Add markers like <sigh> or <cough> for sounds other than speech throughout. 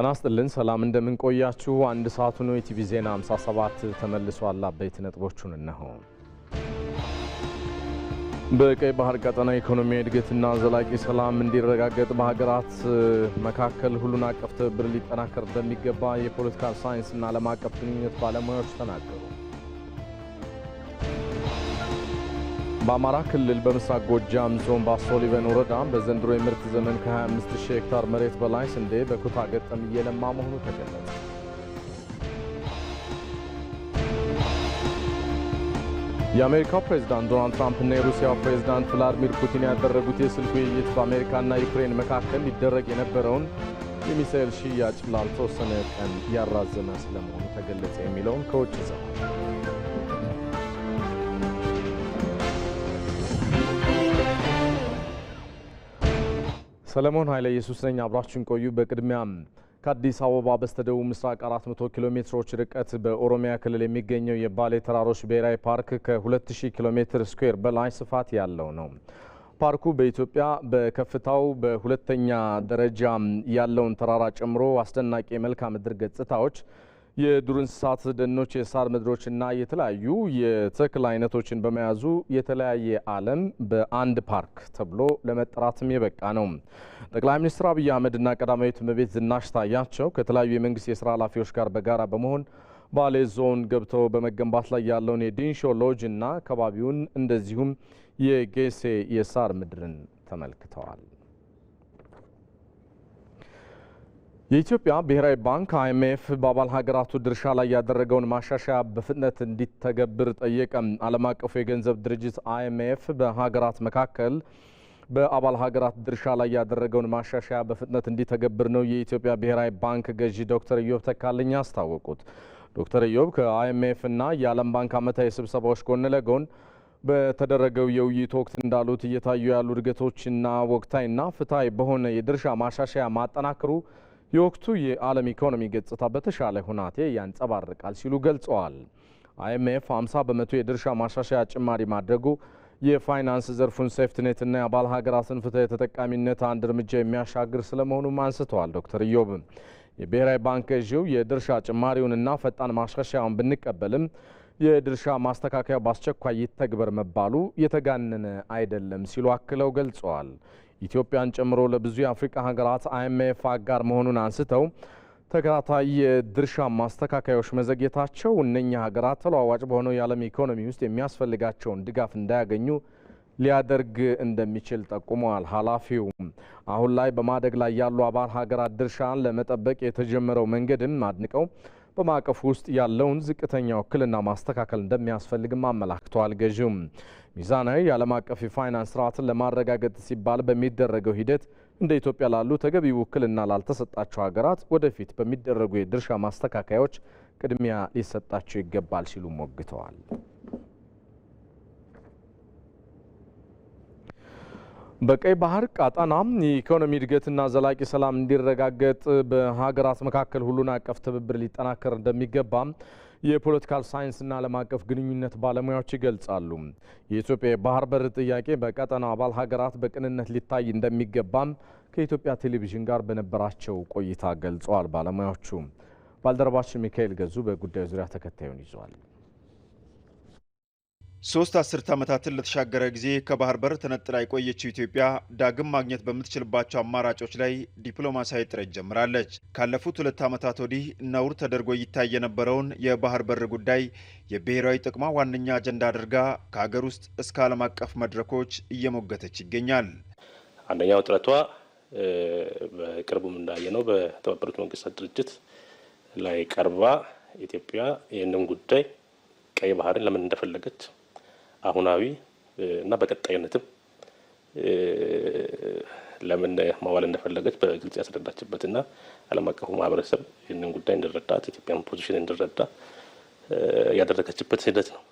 ጤና ይስጥልን ሰላም እንደምንቆያችሁ። አንድ ሰዓት ሆኖ የኢቲቪ ዜና 57 ተመልሷል። አበይት ነጥቦቹን እነሆ። በቀይ ባህር ቀጠና ኢኮኖሚያዊ እድገትና ዘላቂ ሰላም እንዲረጋገጥ በሀገራት መካከል ሁሉን አቀፍ ትብብር ሊጠናከር እንደሚገባ የፖለቲካል ሳይንስና ዓለም አቀፍ ግንኙነት ባለሙያዎች ተናገሩ። በአማራ ክልል በምስራቅ ጎጃም ዞን ባሶ ሊበን ወረዳ በዘንድሮ የምርት ዘመን ከ 25000 ሄክታር መሬት በላይ ስንዴ በኩታ ገጠም እየለማ መሆኑ ተገለጸ። የአሜሪካው ፕሬዝዳንት ዶናልድ ትራምፕ እና የሩሲያ ፕሬዝዳንት ቭላድሚር ፑቲን ያደረጉት የስልክ ውይይት በአሜሪካና ዩክሬን መካከል ሊደረግ የነበረውን የሚሳኤል ሽያጭ ላልተወሰነ ቀን ያራዘመ ስለመሆኑ ተገለጸ። የሚለውን ከውጭ ዘገባ ሰለሞን ኃይለ ኢየሱስ ነኝ። አብራችን ቆዩ። በቅድሚያ ከአዲስ አበባ በስተደቡብ ምስራቅ 400 ኪሎ ሜትሮች ርቀት በኦሮሚያ ክልል የሚገኘው የባሌ ተራሮች ብሔራዊ ፓርክ ከ2000 ኪሎ ሜትር ስኩዌር በላይ ስፋት ያለው ነው። ፓርኩ በኢትዮጵያ በከፍታው በሁለተኛ ደረጃ ያለውን ተራራ ጨምሮ አስደናቂ የመልክዓ ምድር ገጽታዎች የዱር እንስሳት ደኖች የሳር ምድሮችና የተለያዩ የተክል አይነቶችን በመያዙ የተለያየ ዓለም በአንድ ፓርክ ተብሎ ለመጠራትም የበቃ ነው። ጠቅላይ ሚኒስትር አብይ አህመድና ቀዳማዊት እመቤት ዝናሽ ታያቸው ከተለያዩ የመንግስት የስራ ኃላፊዎች ጋር በጋራ በመሆን ባሌ ዞን ገብተው በመገንባት ላይ ያለውን የዲንሾ ሎጅ እና ከባቢውን እንደዚሁም የጌሴ የሳር ምድርን ተመልክተዋል። የኢትዮጵያ ብሔራዊ ባንክ አይኤምኤፍ በአባል ሀገራቱ ድርሻ ላይ ያደረገውን ማሻሻያ በፍጥነት እንዲተገብር ጠየቀ። ዓለም አቀፉ የገንዘብ ድርጅት አይኤምኤፍ በሀገራት መካከል በአባል ሀገራት ድርሻ ላይ ያደረገውን ማሻሻያ በፍጥነት እንዲተገብር ነው የኢትዮጵያ ብሔራዊ ባንክ ገዢ ዶክተር ኢዮብ ተካልኝ አስታወቁት። ዶክተር ኢዮብ ከአይኤምኤፍ እና የዓለም ባንክ ዓመታዊ ስብሰባዎች ጎን ለጎን በተደረገው የውይይት ወቅት እንዳሉት እየታዩ ያሉ እድገቶችና ወቅታዊና ፍትሐዊ በሆነ የድርሻ ማሻሻያ ማጠናከሩ የወቅቱ የዓለም ኢኮኖሚ ገጽታ በተሻለ ሁናቴ ያንጸባርቃል ሲሉ ገልጸዋል። አይኤምኤፍ 50 በመቶ የድርሻ ማሻሻያ ጭማሪ ማድረጉ የፋይናንስ ዘርፉን ሴፍትኔትና የአባል ሀገራትን ፍትህ ተጠቃሚነት አንድ እርምጃ የሚያሻግር ስለመሆኑም አንስተዋል። ዶክተር ኢዮብ የብሔራዊ ባንክ ገዢው የድርሻ ጭማሪውንና ፈጣን ማሻሻያውን ብንቀበልም የድርሻ ማስተካከያ በአስቸኳይ ይተግበር መባሉ የተጋነነ አይደለም ሲሉ አክለው ገልጸዋል። ኢትዮጵያን ጨምሮ ለብዙ የአፍሪቃ ሀገራት አይኤምኤፍ አጋር መሆኑን አንስተው ተከታታይ የድርሻ ማስተካከያዎች መዘግየታቸው እነኛ ሀገራት ተለዋዋጭ በሆነው የዓለም ኢኮኖሚ ውስጥ የሚያስፈልጋቸውን ድጋፍ እንዳያገኙ ሊያደርግ እንደሚችል ጠቁመዋል። ኃላፊው አሁን ላይ በማደግ ላይ ያሉ አባል ሀገራት ድርሻን ለመጠበቅ የተጀመረው መንገድም አድንቀው በማዕቀፍ ውስጥ ያለውን ዝቅተኛ ውክልና ማስተካከል እንደሚያስፈልግም አመላክተዋል። ገዢውም ሚዛናዊ የዓለም አቀፍ የፋይናንስ ስርዓትን ለማረጋገጥ ሲባል በሚደረገው ሂደት እንደ ኢትዮጵያ ላሉ ተገቢ ውክልና ላልተሰጣቸው ሀገራት ወደፊት በሚደረጉ የድርሻ ማስተካከያዎች ቅድሚያ ሊሰጣቸው ይገባል ሲሉ ሞግተዋል። በቀይ ባህር ቀጣና የኢኮኖሚ እድገትና ዘላቂ ሰላም እንዲረጋገጥ በሀገራት መካከል ሁሉን አቀፍ ትብብር ሊጠናከር እንደሚገባ የፖለቲካል ሳይንስና ዓለም አቀፍ ግንኙነት ባለሙያዎች ይገልጻሉ። የኢትዮጵያ የባህር በር ጥያቄ በቀጠናው አባል ሀገራት በቅንነት ሊታይ እንደሚገባም ከኢትዮጵያ ቴሌቪዥን ጋር በነበራቸው ቆይታ ገልጸዋል ባለሙያዎቹ። ባልደረባችን ሚካኤል ገዙ በጉዳዩ ዙሪያ ተከታዩን ይዘዋል። ሶስት አስርት ዓመታትን ለተሻገረ ጊዜ ከባህር በር ተነጥላ የቆየችው ኢትዮጵያ ዳግም ማግኘት በምትችልባቸው አማራጮች ላይ ዲፕሎማሲያዊ ጥረት ጀምራለች። ካለፉት ሁለት ዓመታት ወዲህ ነውር ተደርጎ ይታይ የነበረውን የባህር በር ጉዳይ የብሔራዊ ጥቅሟ ዋነኛ አጀንዳ አድርጋ ከሀገር ውስጥ እስከ ዓለም አቀፍ መድረኮች እየሞገተች ይገኛል። አንደኛው ጥረቷ በቅርቡም እንዳየነው በተባበሩት መንግስታት ድርጅት ላይ ቀርባ ኢትዮጵያ ይህንን ጉዳይ ቀይ ባህርን ለምን እንደፈለገች አሁናዊ እና በቀጣይነትም ለምን ማዋል እንደፈለገች በግልጽ ያስረዳችበትና ዓለም አቀፉ ማህበረሰብ ይህንን ጉዳይ እንዲረዳት ኢትዮጵያን ፖዚሽን እንድረዳ ያደረገችበት ሂደት ነው።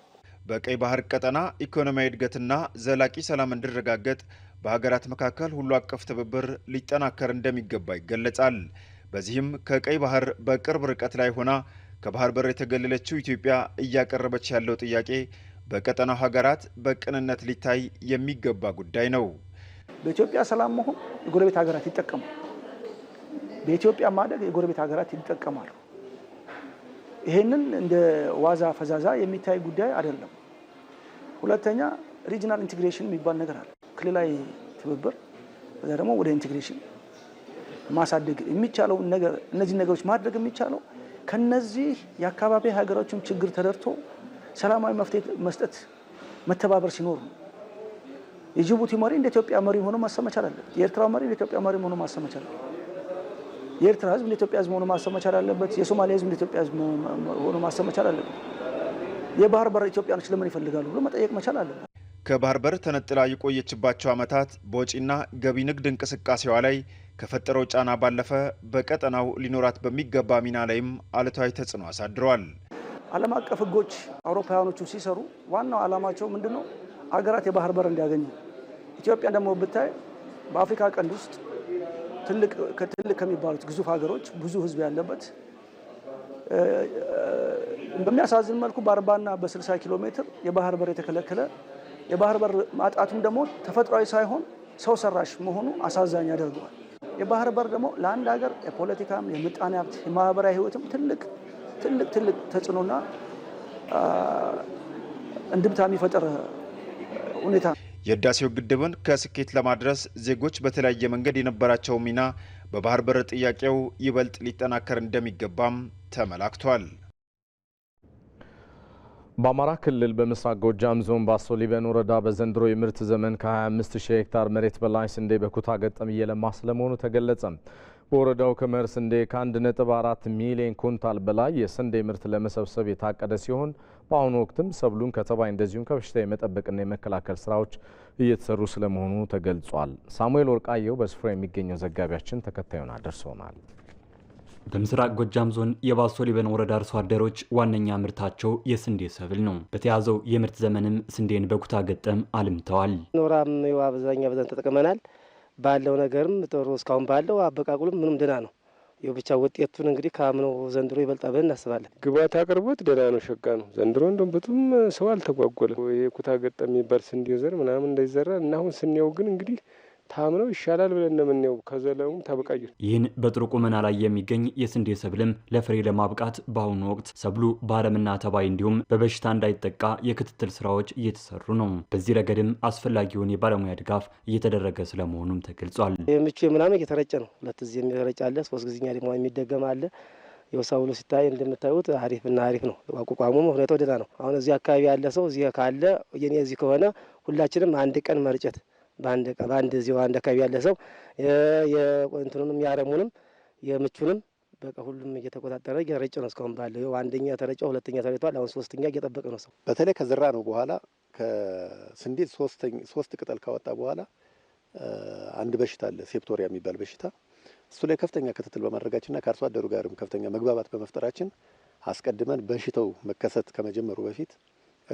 በቀይ ባህር ቀጠና ኢኮኖሚያዊ እድገትና ዘላቂ ሰላም እንዲረጋገጥ በሀገራት መካከል ሁሉ አቀፍ ትብብር ሊጠናከር እንደሚገባ ይገለጻል። በዚህም ከቀይ ባህር በቅርብ ርቀት ላይ ሆና ከባህር በር የተገለለችው ኢትዮጵያ እያቀረበች ያለው ጥያቄ በቀጠናው ሀገራት በቅንነት ሊታይ የሚገባ ጉዳይ ነው። በኢትዮጵያ ሰላም መሆን የጎረቤት ሀገራት ይጠቀማሉ። በኢትዮጵያ ማደግ የጎረቤት ሀገራት ይጠቀማሉ። ይህንን እንደ ዋዛ ፈዛዛ የሚታይ ጉዳይ አይደለም። ሁለተኛ ሪጅናል ኢንቴግሬሽን የሚባል ነገር አለ። ክልላዊ ትብብር በዛ ደግሞ ወደ ኢንቴግሬሽን ማሳደግ የሚቻለው ነገር እነዚህ ነገሮች ማድረግ የሚቻለው ከነዚህ የአካባቢ ሀገሮችም ችግር ተደርቶ ሰላማዊ መፍትሄ መስጠት መተባበር ሲኖር ነው። የጅቡቲ መሪ እንደ ኢትዮጵያ መሪ ሆኖ ማሰብ መቻል አለበት። የኤርትራ መሪ እንደ ኢትዮጵያ መሪ ሆኖ ማሰብ መቻል አለበት። የኤርትራ ሕዝብ እንደ ኢትዮጵያ ሕዝብ ሆኖ ማሰብ መቻል አለበት። የሶማሊያ ሕዝብ እንደ ኢትዮጵያ ሕዝብ ሆኖ ማሰብ መቻል አለበት። የባህር በር ኢትዮጵያኖች ለምን ይፈልጋሉ ብሎ መጠየቅ መቻል አለበት። ከባህር በር ተነጥላ የቆየችባቸው ዓመታት በወጪና ገቢ ንግድ እንቅስቃሴዋ ላይ ከፈጠረው ጫና ባለፈ በቀጠናው ሊኖራት በሚገባ ሚና ላይም አሉታዊ ተጽዕኖ አሳድረዋል። ዓለም አቀፍ ህጎች አውሮፓውያኖቹ ሲሰሩ ዋናው ዓላማቸው ምንድን ነው? አገራት የባህር በር እንዲያገኙ። ኢትዮጵያ ደግሞ ብታይ በአፍሪካ ቀንድ ውስጥ ትልቅ ከሚባሉት ግዙፍ ሀገሮች ብዙ ህዝብ ያለበት በሚያሳዝን መልኩ በአርባና በስልሳ ኪሎ ሜትር የባህር በር የተከለከለ የባህር በር ማጣቱም ደግሞ ተፈጥሯዊ ሳይሆን ሰው ሰራሽ መሆኑ አሳዛኝ ያደርገዋል። የባህር በር ደግሞ ለአንድ ሀገር የፖለቲካም፣ የምጣኔ ሀብት፣ የማህበራዊ ህይወትም ትልቅ ትልቅ ትልቅ ተጽዕኖና እንድምታ የሚፈጠር ሁኔታ ነው። የህዳሴው ግድብን ከስኬት ለማድረስ ዜጎች በተለያየ መንገድ የነበራቸው ሚና በባህር በር ጥያቄው ይበልጥ ሊጠናከር እንደሚገባም ተመላክቷል። በአማራ ክልል በምስራቅ ጎጃም ዞን ባሶ ሊበን ወረዳ በዘንድሮ የምርት ዘመን ከ25000 ሄክታር መሬት በላይ ስንዴ በኩታ ገጠም እየለማ ስለመሆኑ ተገለጸ። በወረዳው ከመኸር ስንዴ ከ1.4 ሚሊዮን ኩንታል በላይ የስንዴ ምርት ለመሰብሰብ የታቀደ ሲሆን በአሁኑ ወቅትም ሰብሉን ከተባይ እንደዚሁም ከበሽታ የመጠበቅና የመከላከል ስራዎች እየተሰሩ ስለመሆኑ ተገልጿል። ሳሙኤል ወርቃየው በስፍራ የሚገኘው ዘጋቢያችን ተከታዩን አደርሶናል። በምስራቅ ጎጃም ዞን የባሶ ሊበን ወረዳ አርሶ አደሮች ዋነኛ ምርታቸው የስንዴ ሰብል ነው። በተያዘው የምርት ዘመንም ስንዴን በኩታ ገጠም አልምተዋል። ኖራም አብዛኛ ብዛን ተጠቅመናል። ባለው ነገርም ጥሩ እስካሁን ባለው አበቃቁልም ምንም ደህና ነው። ይኸው ብቻ ውጤቱን እንግዲህ ከአምነው ዘንድሮ ይበልጣ ብለን እናስባለን። ግባት አቅርቦት ደህና ነው፣ ሸጋ ነው። ዘንድሮ እንደም ብዙም ሰው አልተጓጎለም። ይሄ ኩታ ገጠም የሚባል ስንዴ ዘር ምናምን እንዳይዘራ እና አሁን ስንየው ግን እንግዲህ ታምነው ይሻላል ብለን እንደምንየው ከዘለሙ ተበቀዩ ይህን በጥሩ ቁመና ላይ የሚገኝ የስንዴ ሰብልም ለፍሬ ለማብቃት በአሁኑ ወቅት ሰብሉ በአረምና ተባይ እንዲሁም በበሽታ እንዳይጠቃ የክትትል ስራዎች እየተሰሩ ነው። በዚህ ረገድም አስፈላጊውን የባለሙያ ድጋፍ እየተደረገ ስለመሆኑም ተገልጿል። ምቹ ምናምን እየተረጨ ነው። ሁለት ጊዜ የሚረጭ አለ፣ ሶስት ጊዜኛ ደግሞ የሚደገም አለ። የሰብሉ ሲታይ እንደምታዩት አሪፍና አሪፍ ነው። አቋቋሙም ሁኔታ ወደታ ነው። አሁን እዚህ አካባቢ ያለ ሰው እዚህ ካለ የኔ እዚህ ከሆነ ሁላችንም አንድ ቀን መርጨት በአንድ በአንድ እዚሁ አንድ አካባቢ ያለ ሰው የቆንትኑንም የአረሙንም የምቹንም በቃ ሁሉም እየተቆጣጠረ እየረጨ ነው። እስካሁን ባለው አንደኛ ተረጨ፣ ሁለተኛ ተረጭቷል። አሁን ሶስተኛ እየጠበቀ ነው ሰው። በተለይ ከዝራ ነው በኋላ ከስንዴ ሶስት ቅጠል ካወጣ በኋላ አንድ በሽታ አለ፣ ሴፕቶሪያ የሚባል በሽታ። እሱ ላይ ከፍተኛ ክትትል በማድረጋችንና ከአርሶ አደሩ ጋርም ከፍተኛ መግባባት በመፍጠራችን አስቀድመን በሽታው መከሰት ከመጀመሩ በፊት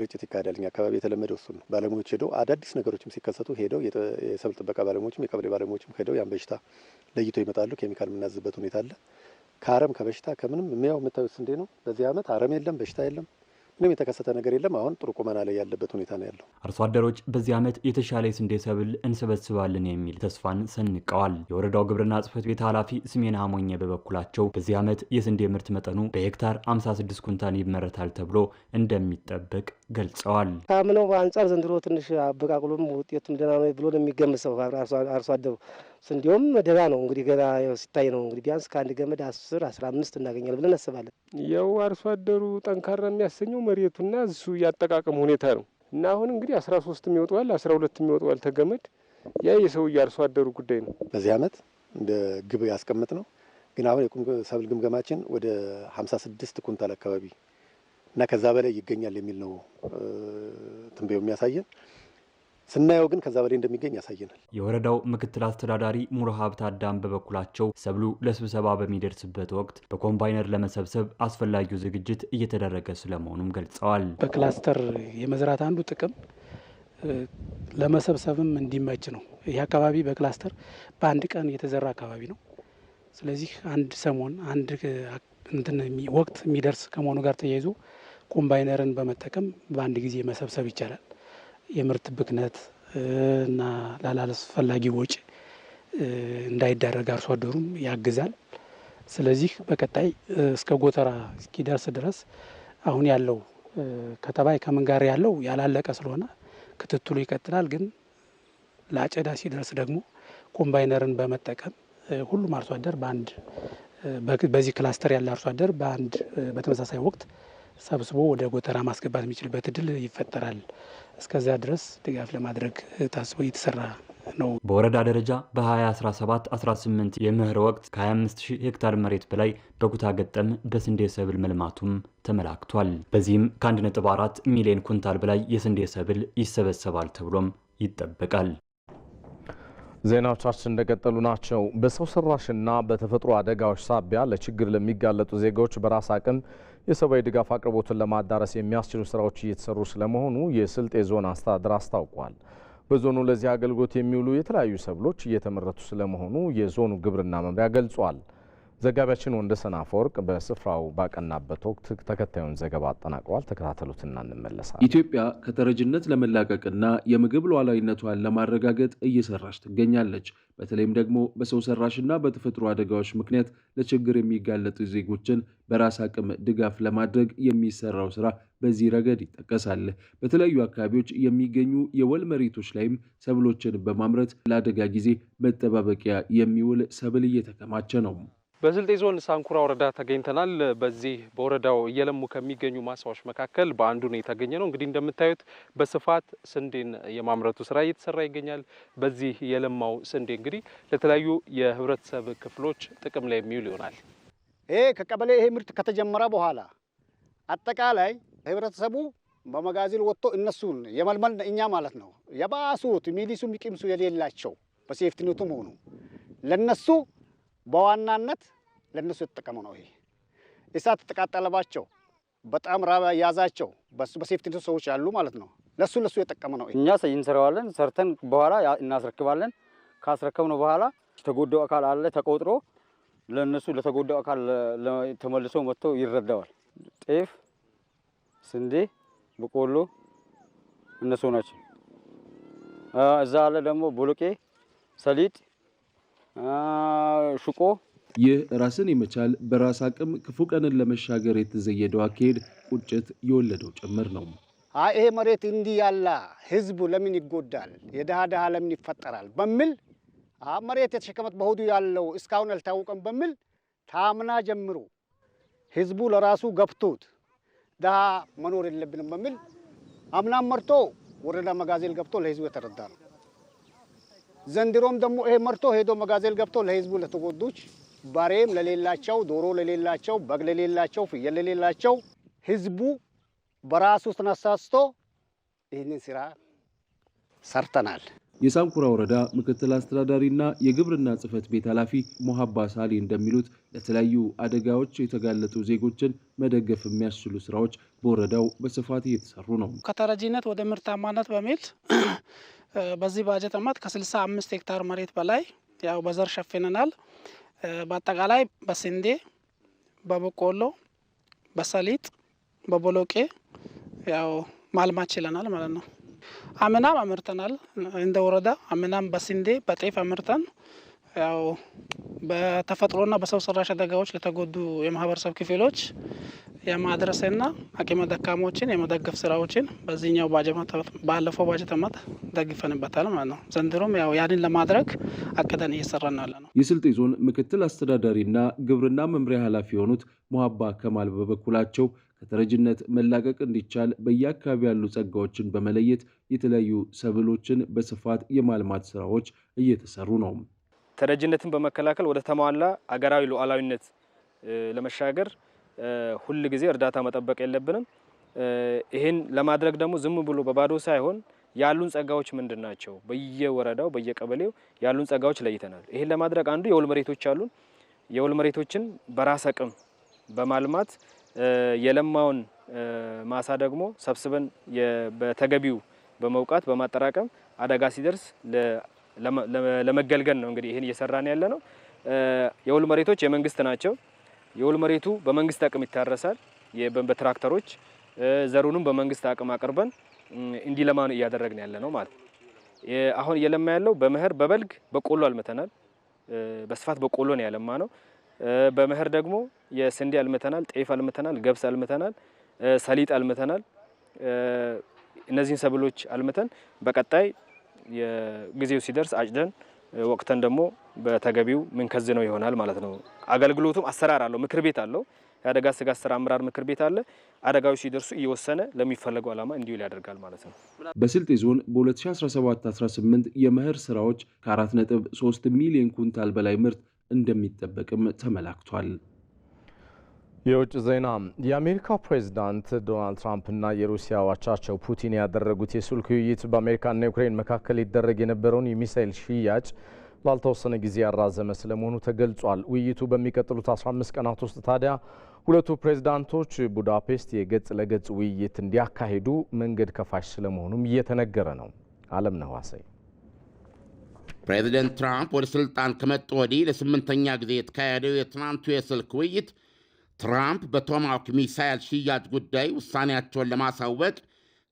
ርጭት ይካሄዳል። እኛ አካባቢ የተለመደው እሱን ነው። ባለሙያዎች ሄደው አዳዲስ ነገሮችም ሲከሰቱ ሄደው የሰብል ጥበቃ ባለሙያዎችም የቀበሌ ባለሙያዎችም ሄደው ያን በሽታ ለይቶ ይመጣሉ። ኬሚካል የምናዝበት ሁኔታ አለ። ከአረም ከበሽታ ከምንም የሚያው የምታዩት ስንዴ ነው። በዚህ አመት አረም የለም፣ በሽታ የለም። ምንም የተከሰተ ነገር የለም። አሁን ጥሩ ቁመና ላይ ያለበት ሁኔታ ነው ያለው። አርሶ አደሮች በዚህ ዓመት የተሻለ የስንዴ ሰብል እንሰበስባለን የሚል ተስፋን ሰንቀዋል። የወረዳው ግብርና ጽሕፈት ቤት ኃላፊ ስሜን አሞኘ በበኩላቸው በዚህ ዓመት የስንዴ ምርት መጠኑ በሄክታር 56 ኩንታል ይመረታል ተብሎ እንደሚጠበቅ ገልጸዋል። ከአምናው በአንጻር ዘንድሮ ትንሽ አበቃቅሎም ውጤቱም ደህና ነው ብሎ ነው የሚገምሰው አርሶ አደሩ ስንዴውም ደባ ነው እንግዲህ ገባ ሲታይ ነው እንግዲህ ቢያንስ ከአንድ ገመድ አስር አስራ አምስት እናገኛል ብለን እናስባለን። ያው አርሶ አደሩ ጠንካራ የሚያሰኘው መሬቱና እሱ ያጠቃቀም ሁኔታ ነው እና አሁን እንግዲህ አስራ ሶስት የሚወጠዋል አስራ ሁለት የሚወጠዋል ተገመድ ያ የሰው አርሶ አደሩ ጉዳይ ነው። በዚህ አመት እንደ ግብ ያስቀምጥ ነው ግን አሁን የቁም ሰብል ግምገማችን ወደ ሀምሳ ስድስት ኩንታል አካባቢ እና ከዛ በላይ ይገኛል የሚል ነው ትንበዩ የሚያሳየን። ስናየው ግን ከዛ በላይ እንደሚገኝ ያሳየናል። የወረዳው ምክትል አስተዳዳሪ ሙረ ሀብት አዳም በበኩላቸው ሰብሉ ለስብሰባ በሚደርስበት ወቅት በኮምባይነር ለመሰብሰብ አስፈላጊው ዝግጅት እየተደረገ ስለመሆኑም ገልጸዋል። በክላስተር የመዝራት አንዱ ጥቅም ለመሰብሰብም እንዲመች ነው። ይህ አካባቢ በክላስተር በአንድ ቀን የተዘራ አካባቢ ነው። ስለዚህ አንድ ሰሞን አንድ እንትን ወቅት የሚደርስ ከመሆኑ ጋር ተያይዞ ኮምባይነርን በመጠቀም በአንድ ጊዜ መሰብሰብ ይቻላል። የምርት ብክነት እና ላላስፈላጊ ወጪ እንዳይዳረግ አርሶ አደሩም ያግዛል። ስለዚህ በቀጣይ እስከ ጎተራ እስኪደርስ ድረስ አሁን ያለው ከተባይ ከምን ጋር ያለው ያላለቀ ስለሆነ ክትትሉ ይቀጥላል። ግን ለአጨዳ ሲደርስ ደግሞ ኮምባይነርን በመጠቀም ሁሉም አርሶ አደር በአንድ በዚህ ክላስተር ያለ አርሶ አደር በአንድ በተመሳሳይ ወቅት ሰብስቦ ወደ ጎተራ ማስገባት የሚችልበት እድል ይፈጠራል። እስከዚያ ድረስ ድጋፍ ለማድረግ ታስቦ እየተሰራ ነው። በወረዳ ደረጃ በ2017/18 የምህር ወቅት ከ25000 ሄክታር መሬት በላይ በኩታ ገጠም በስንዴ ሰብል መልማቱም ተመላክቷል። በዚህም ከ1.4 ሚሊዮን ኩንታል በላይ የስንዴ ሰብል ይሰበሰባል ተብሎም ይጠበቃል። ዜናዎቻችን እንደቀጠሉ ናቸው። በሰው ሰራሽና በተፈጥሮ አደጋዎች ሳቢያ ለችግር ለሚጋለጡ ዜጋዎች በራስ አቅም የሰብአዊ ድጋፍ አቅርቦትን ለማዳረስ የሚያስችሉ ስራዎች እየተሰሩ ስለመሆኑ የስልጤ ዞን አስተዳደር አስታውቋል። በዞኑ ለዚህ አገልግሎት የሚውሉ የተለያዩ ሰብሎች እየተመረቱ ስለመሆኑ የዞኑ ግብርና መምሪያ ገልጿል። ዘጋቢያችን ወንደሰን አፈወርቅ በስፍራው ባቀናበት ወቅት ተከታዩን ዘገባ አጠናቅሯል። ተከታተሉትና እንመለሳለን። ኢትዮጵያ ከተረጅነት ለመላቀቅና የምግብ ሉዓላዊነቷን ለማረጋገጥ እየሰራች ትገኛለች። በተለይም ደግሞ በሰው ሰራሽና በተፈጥሮ አደጋዎች ምክንያት ለችግር የሚጋለጡ ዜጎችን በራስ አቅም ድጋፍ ለማድረግ የሚሰራው ስራ በዚህ ረገድ ይጠቀሳል። በተለያዩ አካባቢዎች የሚገኙ የወል መሬቶች ላይም ሰብሎችን በማምረት ለአደጋ ጊዜ መጠባበቂያ የሚውል ሰብል እየተከማቸ ነው። በስልጤ ዞን ሳንኩራ ወረዳ ተገኝተናል። በዚህ በወረዳው እየለሙ ከሚገኙ ማሳዎች መካከል በአንዱ ነው የተገኘ ነው። እንግዲህ እንደምታዩት በስፋት ስንዴን የማምረቱ ስራ እየተሰራ ይገኛል። በዚህ የለማው ስንዴ እንግዲህ ለተለያዩ የህብረተሰብ ክፍሎች ጥቅም ላይ የሚውል ይሆናል። ይሄ ከቀበሌ ይሄ ምርት ከተጀመረ በኋላ አጠቃላይ ህብረተሰቡ በመጋዘን ወጥቶ እነሱን የመልመል እኛ ማለት ነው የባሱት ሚሊሱም ቂምሱ የሌላቸው በሴፍትነቱም ሆኑ ለነሱ በዋናነት ለእነሱ የተጠቀሙ ነው። ይሄ እሳት ተቃጠለባቸው፣ በጣም ራብ ያዛቸው፣ በሴፍቲኔቱ ሰዎች አሉ ማለት ነው። ለሱ ለሱ የጠቀመ ነው። እኛ እንሰራዋለን። ሰርተን በኋላ እናስረክባለን። ነው በኋላ የተጎዳው አካል አለ ተቆጥሮ ለነሱ ለተጎዳው አካል ተመልሶ መጥቶ ይረዳዋል። ጤፍ፣ ስንዴ፣ በቆሎ እነሱ ናቸው። እዛ አለ ደግሞ ቦሎቄ፣ ሰሊጥ፣ ሽቆ ይህ ራስን የመቻል በራስ አቅም ክፉ ቀንን ለመሻገር የተዘየደው አካሄድ ቁጭት የወለደው ጭምር ነው። ይሄ መሬት እንዲህ ያላ ህዝቡ ለምን ይጎዳል? የድሃ ድሃ ለምን ይፈጠራል? በሚል መሬት የተሸከመት በሆዱ ያለው እስካሁን አልታወቀም በሚል ታምና ጀምሮ ህዝቡ ለራሱ ገብቶት ድሃ መኖር የለብንም በሚል አምናም መርቶ ወረዳ መጋዜል ገብቶ ለህዝቡ የተረዳ ነው። ዘንድሮም ደግሞ ይሄ መርቶ ሄዶ መጋዜል ገብቶ ለህዝቡ ለተጎዱች በሬም ለሌላቸው፣ ዶሮ ለሌላቸው፣ በግ ለሌላቸው፣ ፍየል ለሌላቸው ህዝቡ በራሱ ተነሳስቶ ይህንን ስራ ሰርተናል። የሳንኩራ ወረዳ ምክትል አስተዳዳሪና የግብርና ጽህፈት ቤት ኃላፊ ሞሀባ ሳሊ እንደሚሉት ለተለያዩ አደጋዎች የተጋለጡ ዜጎችን መደገፍ የሚያስችሉ ስራዎች በወረዳው በስፋት እየተሰሩ ነው። ከተረጂነት ወደ ምርታማነት በሚል <clears throat> በዚህ ባጀት ዓመት ከ65 ሄክታር መሬት በላይ ያው በዘር ሸፍነናል። በአጠቃላይ በስንዴ፣ በበቆሎ፣ በሰሊጥ፣ በቦሎቄ ያው ማልማት ችለናል ማለት ነው። አምናም አምርተናል እንደ ወረዳ አምናም በስንዴ በጤፍ አምርተን ያው በተፈጥሮና በሰው ሰራሽ አደጋዎች ለተጎዱ የማህበረሰብ ክፍሎች የማድረስና አቅመ ደካሞችን የመደገፍ ስራዎችን በዚህኛው ባለፈው ባጀት ዓመት ደግፈንበታል ማለት ነው። ዘንድሮም ያው ያንን ለማድረግ አቅደን እየሰራን ያለ ነው። የስልጤ ዞን ምክትል አስተዳዳሪና ግብርና መምሪያ ኃላፊ የሆኑት ሙሀባ ከማል በበኩላቸው ከተረጅነት መላቀቅ እንዲቻል በየአካባቢ ያሉ ጸጋዎችን በመለየት የተለያዩ ሰብሎችን በስፋት የማልማት ስራዎች እየተሰሩ ነው። ተረጅነትን በመከላከል ወደ ተሟላ አገራዊ ሉዓላዊነት ለመሻገር ሁል ጊዜ እርዳታ መጠበቅ የለብንም። ይህን ለማድረግ ደግሞ ዝም ብሎ በባዶ ሳይሆን ያሉን ጸጋዎች ምንድን ናቸው? በየወረዳው በየቀበሌው ያሉን ጸጋዎች ለይተናል። ይህን ለማድረግ አንዱ የውል መሬቶች አሉን። የውል መሬቶችን በራስ አቅም በማልማት የለማውን ማሳ ደግሞ ሰብስበን በተገቢው በመውቃት በማጠራቀም አደጋ ሲደርስ ለመገልገል ነው እንግዲህ ይህን እየሰራን ያለ ነው። የውል መሬቶች የመንግስት ናቸው። የውል መሬቱ በመንግስት አቅም ይታረሳል በትራክተሮች ዘሩንም በመንግስት አቅም አቅርበን እንዲለማ እያደረግን ያለ ነው ማለት ነው። አሁን እየለማ ያለው በመኸር በበልግ በቆሎ አልምተናል። በስፋት በቆሎ ነው ያለማ ነው። በመኸር ደግሞ የስንዴ አልምተናል፣ ጤፍ አልምተናል፣ ገብስ አልምተናል፣ ሰሊጥ አልምተናል። እነዚህን ሰብሎች አልምተን በቀጣይ የጊዜው ሲደርስ አጭደን ወቅተን ደግሞ በተገቢው ምንከዝነው ይሆናል ማለት ነው። አገልግሎቱም አሰራር አለው፣ ምክር ቤት አለው። የአደጋ ስጋት ስራ አመራር ምክር ቤት አለ። አደጋዎች ሲደርሱ እየወሰነ ለሚፈለገው ዓላማ እንዲውል ያደርጋል ማለት ነው። በስልጤ ዞን በ2017/18 የመኸር ስራዎች ከ4.3 ሚሊዮን ኩንታል በላይ ምርት እንደሚጠበቅም ተመላክቷል። የውጭ ዜና። የአሜሪካው ፕሬዚዳንት ዶናልድ ትራምፕና የሩሲያ አቻቸው ፑቲን ያደረጉት የስልክ ውይይት በአሜሪካና ዩክሬን መካከል ይደረግ የነበረውን የሚሳኤል ሽያጭ ላልተወሰነ ጊዜ ያራዘመ ስለመሆኑ ተገልጿል። ውይይቱ በሚቀጥሉት 15 ቀናት ውስጥ ታዲያ ሁለቱ ፕሬዚዳንቶች ቡዳፔስት የገጽ ለገጽ ውይይት እንዲያካሂዱ መንገድ ከፋሽ ስለመሆኑም እየተነገረ ነው። አለም ነዋሴ ፕሬዚደንት ትራምፕ ወደ ስልጣን ከመጡ ወዲህ ለስምንተኛ ጊዜ የተካሄደው የትናንቱ የስልክ ውይይት ትራምፕ በቶማሃውክ ሚሳይል ሽያጭ ጉዳይ ውሳኔያቸውን ለማሳወቅ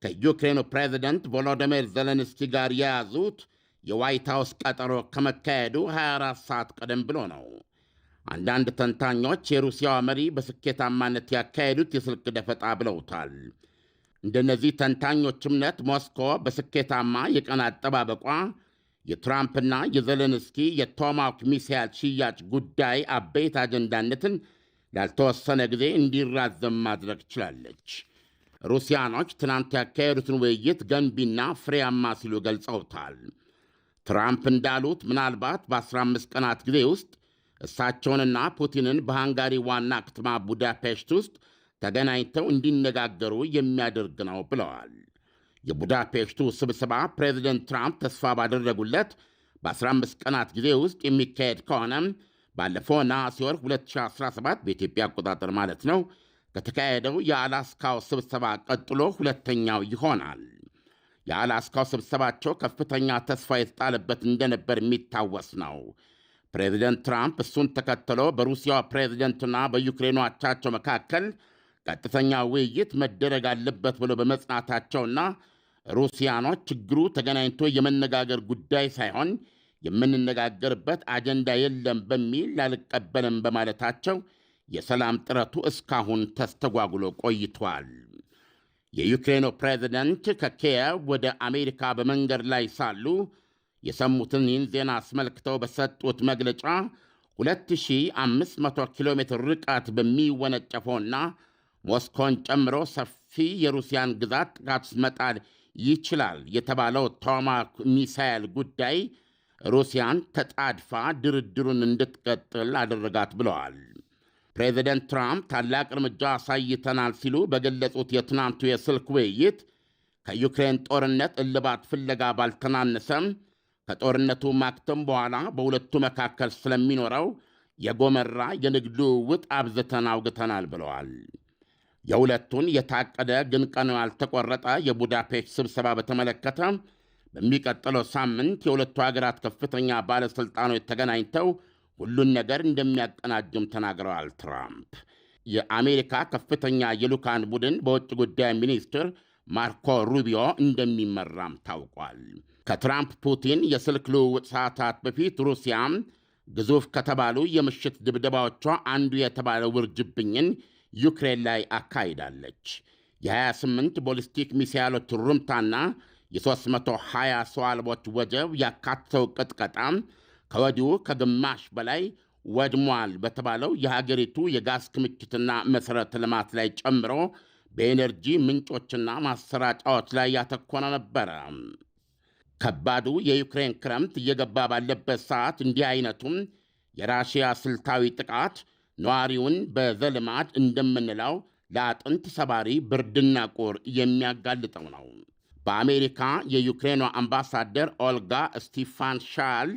ከዩክሬኑ ፕሬዚደንት ቮሎዲሚር ዘለንስኪ ጋር የያዙት የዋይት ሃውስ ቀጠሮ ከመካሄዱ 24 ሰዓት ቀደም ብሎ ነው። አንዳንድ ተንታኞች የሩሲያዋ መሪ በስኬታማነት ያካሄዱት የስልክ ደፈጣ ብለውታል። እንደነዚህ ተንታኞች እምነት ሞስኮ በስኬታማ የቀን አጠባበቋ የትራምፕና የዘለንስኪ የቶማሃውክ ሚሳይል ሽያጭ ጉዳይ አበይት አጀንዳነትን ላልተወሰነ ጊዜ እንዲራዘም ማድረግ ችላለች። ሩሲያኖች ትናንት ያካሄዱትን ውይይት ገንቢና ፍሬያማ ሲሉ ገልጸውታል። ትራምፕ እንዳሉት ምናልባት በ15 ቀናት ጊዜ ውስጥ እሳቸውንና ፑቲንን በሃንጋሪ ዋና ከተማ ቡዳፔስት ውስጥ ተገናኝተው እንዲነጋገሩ የሚያደርግ ነው ብለዋል። የቡዳፔስቱ ስብሰባ ፕሬዚደንት ትራምፕ ተስፋ ባደረጉለት በ15 ቀናት ጊዜ ውስጥ የሚካሄድ ከሆነም ባለፈው ነሐሴ ወር 2017 በኢትዮጵያ አቆጣጠር ማለት ነው ከተካሄደው የአላስካው ስብሰባ ቀጥሎ ሁለተኛው ይሆናል። የአላስካው ስብሰባቸው ከፍተኛ ተስፋ የተጣለበት እንደነበር የሚታወስ ነው። ፕሬዚደንት ትራምፕ እሱን ተከትሎ በሩሲያ ፕሬዚደንትና በዩክሬኑ አቻቸው መካከል ቀጥተኛ ውይይት መደረግ አለበት ብሎ በመጽናታቸውና ሩሲያኖች ችግሩ ተገናኝቶ የመነጋገር ጉዳይ ሳይሆን የምንነጋገርበት አጀንዳ የለም በሚል አልቀበልም በማለታቸው የሰላም ጥረቱ እስካሁን ተስተጓጉሎ ቆይቷል። የዩክሬኑ ፕሬዚደንት ከኪየቭ ወደ አሜሪካ በመንገድ ላይ ሳሉ የሰሙትን ይህን ዜና አስመልክተው በሰጡት መግለጫ 2500 ኪሎ ሜትር ርቀት በሚወነጨፈውና ሞስኮን ጨምሮ ሰፊ የሩሲያን ግዛት ጥቃት መጣል ይችላል የተባለው ቶማሃውክ ሚሳይል ጉዳይ ሩሲያን ተጣድፋ ድርድሩን እንድትቀጥል አደረጋት ብለዋል። ፕሬዚደንት ትራምፕ ታላቅ እርምጃ አሳይተናል ሲሉ በገለጹት የትናንቱ የስልክ ውይይት ከዩክሬን ጦርነት እልባት ፍለጋ ባልተናነሰም ከጦርነቱ ማክተም በኋላ በሁለቱ መካከል ስለሚኖረው የጎመራ የንግድ ልውውጥ አብዝተን አውግተናል ብለዋል። የሁለቱን የታቀደ ግን ቀኑ ያልተቆረጠ የቡዳፔስት ስብሰባ በተመለከተ በሚቀጥለው ሳምንት የሁለቱ ሀገራት ከፍተኛ ባለሥልጣኖች ተገናኝተው ሁሉን ነገር እንደሚያቀናጁም ተናግረዋል ትራምፕ። የአሜሪካ ከፍተኛ የልዑካን ቡድን በውጭ ጉዳይ ሚኒስትር ማርኮ ሩቢዮ እንደሚመራም ታውቋል። ከትራምፕ ፑቲን የስልክ ልውውጥ ሰዓታት በፊት ሩሲያም ግዙፍ ከተባሉ የምሽት ድብደባዎቿ አንዱ የተባለ ውርጅብኝን ዩክሬን ላይ አካሂዳለች። የ28 ቦሊስቲክ ሚሳይሎች ሩምታና የ320 ሰው አልቦች ወጀብ ያካተተው ቅጥቀጣ ከወዲሁ ከግማሽ በላይ ወድሟል በተባለው የሀገሪቱ የጋዝ ክምችትና መሠረተ ልማት ላይ ጨምሮ በኤነርጂ ምንጮችና ማሰራጫዎች ላይ ያተኮነ ነበረ። ከባዱ የዩክሬን ክረምት እየገባ ባለበት ሰዓት እንዲህ አይነቱም የራሽያ ስልታዊ ጥቃት ነዋሪውን በዘልማድ እንደምንለው ለአጥንት ሰባሪ ብርድና ቁር የሚያጋልጠው ነው። በአሜሪካ የዩክሬኑ አምባሳደር ኦልጋ ስቲፋን ሻል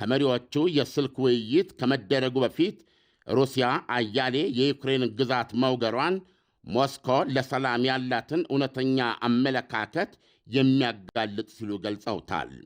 ከመሪዎቹ የስልክ ውይይት ከመደረጉ በፊት ሩሲያ አያሌ የዩክሬን ግዛት መውገሯን ሞስኮ ለሰላም ያላትን እውነተኛ አመለካከት የሚያጋልጥ ሲሉ ገልጸውታል።